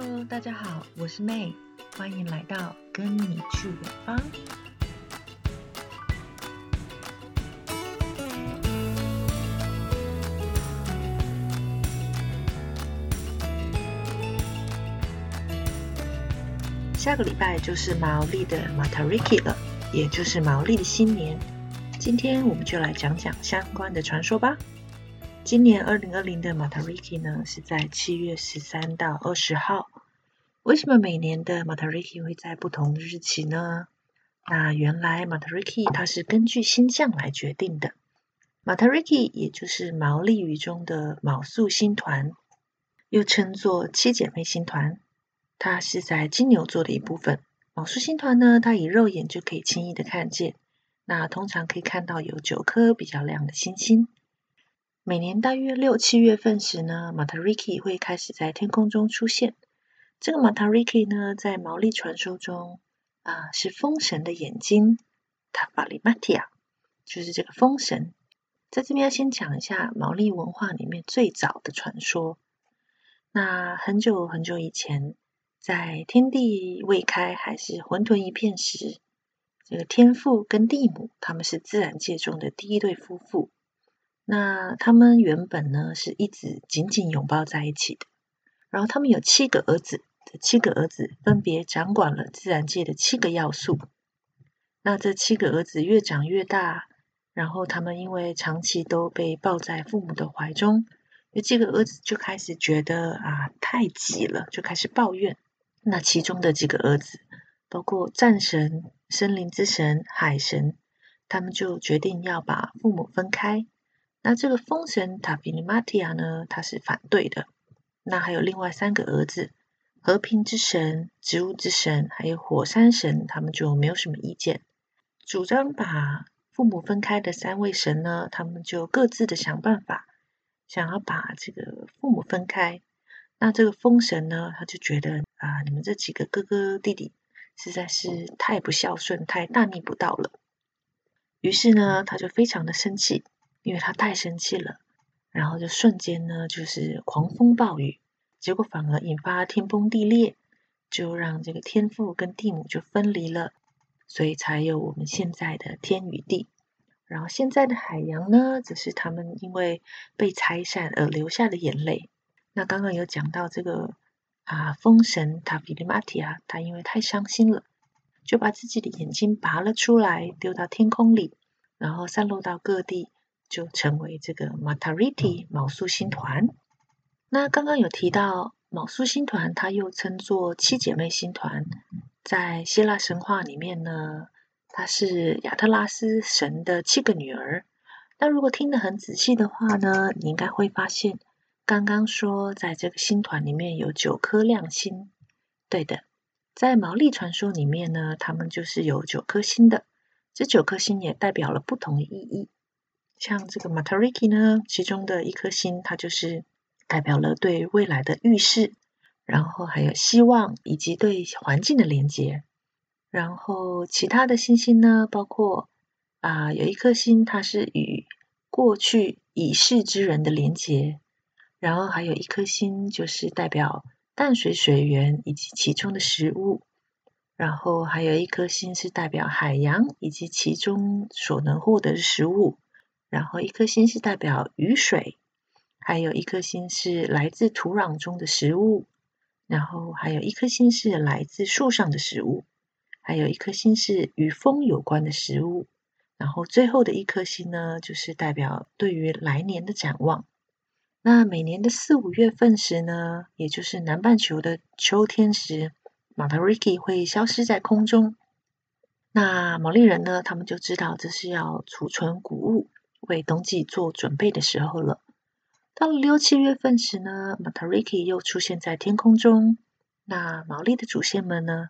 Hello，大家好，我是 May，歡迎來到《跟你去遠方》。下個禮拜就是毛利的 Matariki 了，也就是毛利的新年。今天我們就來講講相關的傳說吧。今年二零二零的 Matariki 呢，是在七月十三到二十號。為什麼每年的 Matariki 會在不同日期呢？那原來 Matariki 它是根據星象來決定的。Matariki 也就是毛利語中的昴宿星團，又稱作七姐妹星團。它是在金牛座的一部分。昴宿星團呢，它以肉眼就可以輕易的看見。那通常可以看到有九顆比較亮的星星。每年大約六七月份時呢，馬塔里基會開始在天空中出現。這個馬塔里基呢，在毛利傳說中啊、呃，是風神的眼睛，塔法利馬蒂亞，就是這個風神。在這邊要先講一下毛利文化裡面最早的傳說。那很久很久以前，在天地未開還是混沌一片時，這個天父跟地母，他們是自然界中的第一對夫婦。那他們原本呢是一直緊緊擁抱在一起的，然後他們有七個兒子，這七個兒子分別掌管了自然界的七個要素。那這七個兒子越長越大，然後他們因為長期都被抱在父母的懷中，有幾個兒子就開始覺得啊太擠了，就開始抱怨。那其中的幾個兒子，包括戰神、森林之神、海神，他們就決定要把父母分開。那這個風神塔菲尼馬蒂亞呢，他是反對的。那還有另外三個兒子——和平之神、植物之神，還有火山神，他們就沒有什麼意見。主張把父母分開的三位神呢，他們就各自的想辦法，想要把這個父母分開。那這個風神呢，他就覺得啊，你們這幾個哥哥弟弟實在是太不孝順，太大逆不道了。於是呢，他就非常的生氣。因為他太生氣了，然後就瞬間呢，就是狂風暴雨，結果反而引發天崩地裂，就讓這個天父跟地母就分離了，所以才有我們現在的天與地。然後現在的海洋呢，只是他們因為被拆散而流下的眼淚。那剛剛有講到這個啊，風神塔比利馬提亞，他因為太傷心了，就把自己的眼睛拔了出來，丟到天空裡，然後散落到各地。就成為這個 Matariki 昴宿星團。那剛剛有提到昴宿星團，它又稱作七姊妹星團。在希臘神話裡面呢，她是亞特拉斯神的七個女兒。那如果聽得很仔細的話呢，你應該會發現，剛剛說在這個星團裡面有九顆亮星。對的，在毛利傳說裡面呢，他們就是有九顆星的。這九顆星也代表了不同的意義。像這個 Matariki 呢，其中的一顆星，它就是代表了對未來的預示，然後還有希望，以及對環境的連接。然後其他的星星呢，包括啊、呃，有一顆星它是與過去已逝之人的連接，然後還有一顆星就是代表淡水水源以及其中的食物，然後還有一顆星是代表海洋以及其中所能獲得的食物。然後一顆星是代表雨水，還有一顆星是來自土壤中的食物，然後還有一顆星是來自樹上的食物，還有一顆星是與風有關的食物，然後最後的一顆星呢，就是代表對於來年的展望。那每年的四五月份時呢，也就是南半球的秋天時，馬塔瑞基會消失在空中。那毛利人呢，他們就知道這是要儲存穀物，為冬季做準備的時候了。到了六七月份時呢，Matariki 又出現在天空中。那毛利的祖先們呢，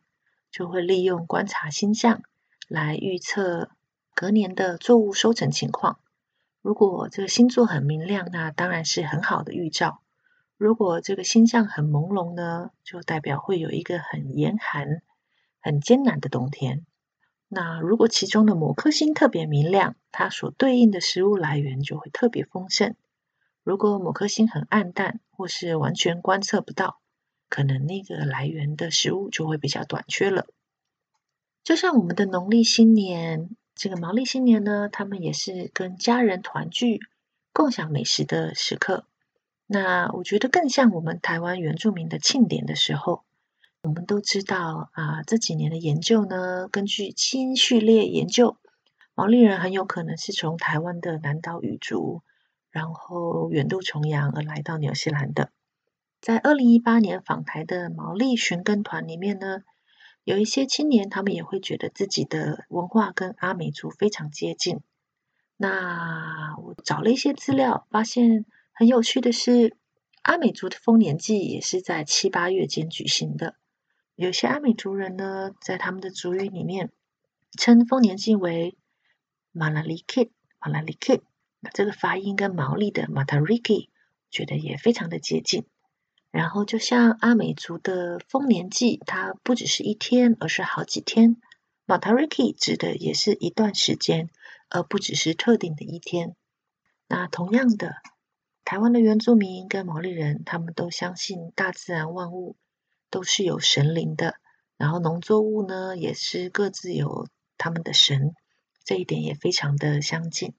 就會利用觀察星象來預測隔年的作物收成情況。如果這個星座很明亮，那當然是很好的預兆；如果這個星象很朦朧呢，就代表會有一個很嚴寒、很艱難的冬天。那如果其中的某顆星特別明亮，它所對應的食物來源就會特別豐盛；如果某顆星很暗淡，或是完全觀測不到，可能那個來源的食物就會比較短缺了。就像我們的農曆新年，這個毛利新年呢，他們也是跟家人團聚、共享美食的時刻。那我覺得更像我們台灣原住民的慶典的時候。我們都知道啊，這幾年的研究呢，根據基因序列研究，毛利人很有可能是從台灣的南島語族，然後遠渡重洋而來到紐西蘭的。在二零一八年訪台的毛利尋根團裡面呢，有一些青年，他們也會覺得自己的文化跟阿美族非常接近。那我找了一些資料，發現很有趣的是，阿美族的豐年祭也是在七八月間舉行的。有些阿美族人呢，在他們的族語裡面，稱豐年祭為“馬拉裡克”，馬拉裡克，這個發音跟毛利的 Matariki 覺得也非常的接近。然後，就像阿美族的豐年祭，它不只是一天，而是好幾天，Matariki 指的也是一段時間，而不只是特定的一天。那同樣的，台灣的原住民跟毛利人，他們都相信大自然萬物。都是有神靈的，然後農作物呢也是各自有他們的神，這一點也非常的相近。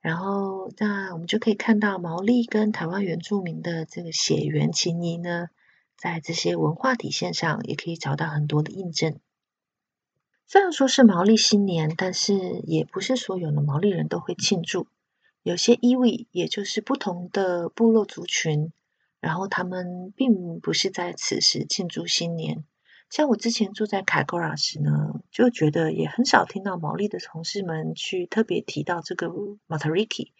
然後，那我們就可以看到毛利跟台灣原住民的這個血緣情誼呢，在這些文化體現上也可以找到很多的印證。雖然說是毛利新年，但是也不是所有的毛利人都會慶祝，有些 iwi，也就是不同的部落族群。然後他們並不是在此時慶祝新年。像我之前住在凱庫拉時呢，就覺得也很少聽到毛利的同事們去特別提到這個 Matariki。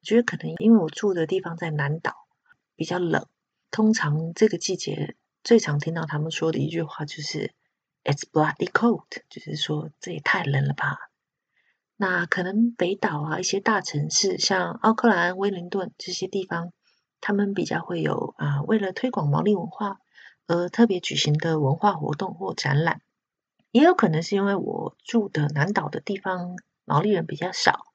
我覺得可能因為我住的地方在南島，比較冷，通常這個季節最常聽到他們說的一句話就是 "It's bloody cold"，就是說這也太冷了吧。那可能北島啊，一些大城市像奧克蘭、威靈頓這些地方。他們比較會有啊、呃，為了推廣毛利文化而特別舉行的文化活動或展覽，也有可能是因為我住的南島的地方毛利人比較少，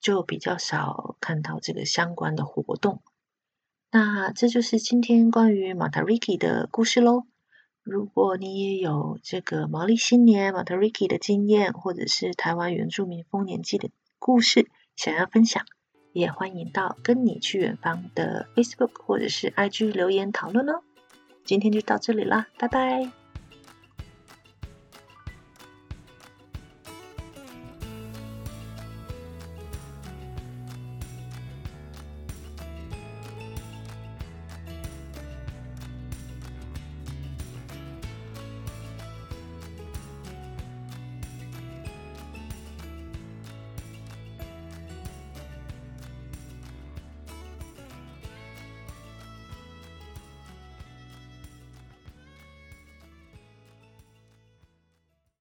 就比較少看到這個相關的活動。那這就是今天關於 Matariki 的故事嘍。如果你也有這個毛利新年 Matariki 的經驗，或者是台灣原住民豐年祭的故事，想要分享，也歡迎到“跟你去遠方”的 Facebook 或者是 IG 留言討論哦。今天就到這裡啦，拜拜。